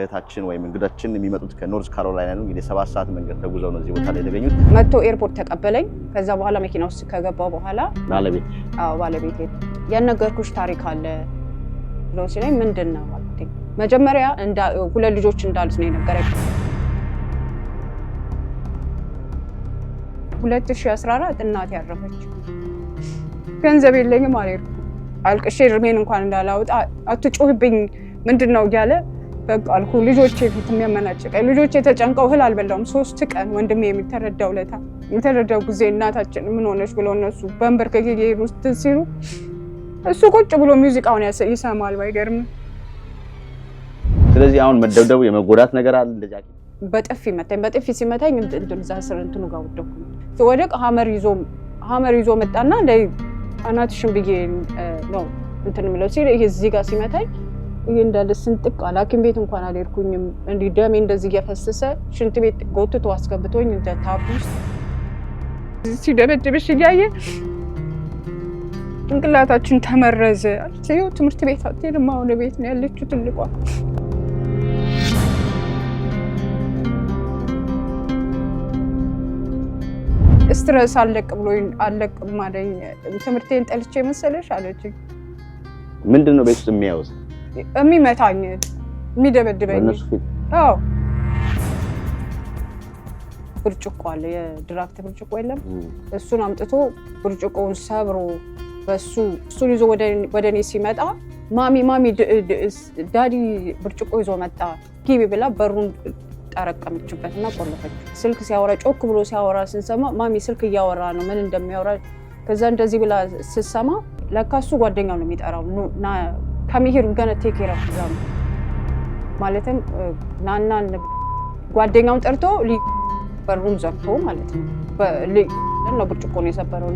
እህታችን ወይም እንግዳችን የሚመጡት ከኖርዝ ካሮላይና ነው። እንግዲህ ሰዓት መንገድ ተጉዘው ነው እዚህ ቦታ ላይ የተገኙት። መጥቶ ኤርፖርት ተቀበለኝ። ከዛ በኋላ መኪና ውስጥ ከገባው በኋላ ባለቤት አዎ ባለቤት ያነገርኩሽ ታሪክ አለ ብሎ ሲለኝ ምንድን ነው አልኩት። መጀመሪያ ሁለት ልጆች እንዳሉት ነው የነገረኝ። 2014 እናቴ ያረፈች። ገንዘብ የለኝም አልሄድኩም። አልቅሼ እርሜን እንኳን እንዳላወጣ አትጮህብኝ ምንድን ነው እያለ በቃ አልኩ። ልጆቼ ፊት የሚያመናጭቀኝ ልጆቼ ተጨንቀው እህል አልበላውም። ሶስት ቀን ወንድሜ የሚተረዳው ለታ የሚተረዳው ጊዜ እናታችን ምን ሆነች ብለው እነሱ በንበርከክ ሄዱ ሲሉ እሱ ቁጭ ብሎ ሙዚቃውን ይሰማል። ባይገርም ስለዚህ አሁን መደብደቡ የመጎዳት ነገር አለ። እንደዚያ በጥፊ መታኝ። በጥፊ ሲመታኝ እንትን እዛ ስር እንትኑ ጋር ወደኩ። ወደቅ። ሀመር ይዞ ሀመር ይዞ መጣና እንደ አናትሽን ብዬ ነው እንትን ምለው ሲል ይሄ እዚህ ጋር ሲመታኝ ይሄ እንዳለ ስንጥቅ አለ። ሐኪም ቤት እንኳን አልሄድኩኝም። እንዲህ ደሜ እንደዚህ እየፈሰሰ ሽንት ቤት ጎትቶ አስገብቶኝ እንደ ታቡ ሲደበድብሽ እያየ ጭንቅላታችን ተመረዘ። ይኸው ትምህርት ቤት አትሄድም፣ አሁን ቤት ነው ያለችው ትልቋ ስትረስ አለቅ ብሎ አለቅ አለኝ። ትምህርቴን ጠልቼ መሰለሽ አለችኝ። ምንድን ነው ቤት ውስጥ የሚያወዝ የሚመታኝ የሚደበድበኝ ብርጭቆ አለ፣ የድራክት ብርጭቆ የለም። እሱን አምጥቶ ብርጭቆውን ሰብሮ በሱ እሱን ይዞ ወደ እኔ ሲመጣ ማሚ ማሚ ዳዲ ብርጭቆ ይዞ መጣ ጊቢ ብላ በሩን ጠረቀመችበት እና ቆለፈች። ስልክ ሲያወራ ጮክ ብሎ ሲያወራ ስንሰማ ማሚ ስልክ እያወራ ነው፣ ምን እንደሚያወራ ከዛ እንደዚህ ብላ ስሰማ ለካ እሱ ጓደኛው ነው የሚጠራው ከሚሄድ ገነ ቴክ ራ ማለትም ናናን ጓደኛውን ጠርቶ በሩን ዘግቶ ማለት ነው። ብርጭቆ ነው የሰበረው።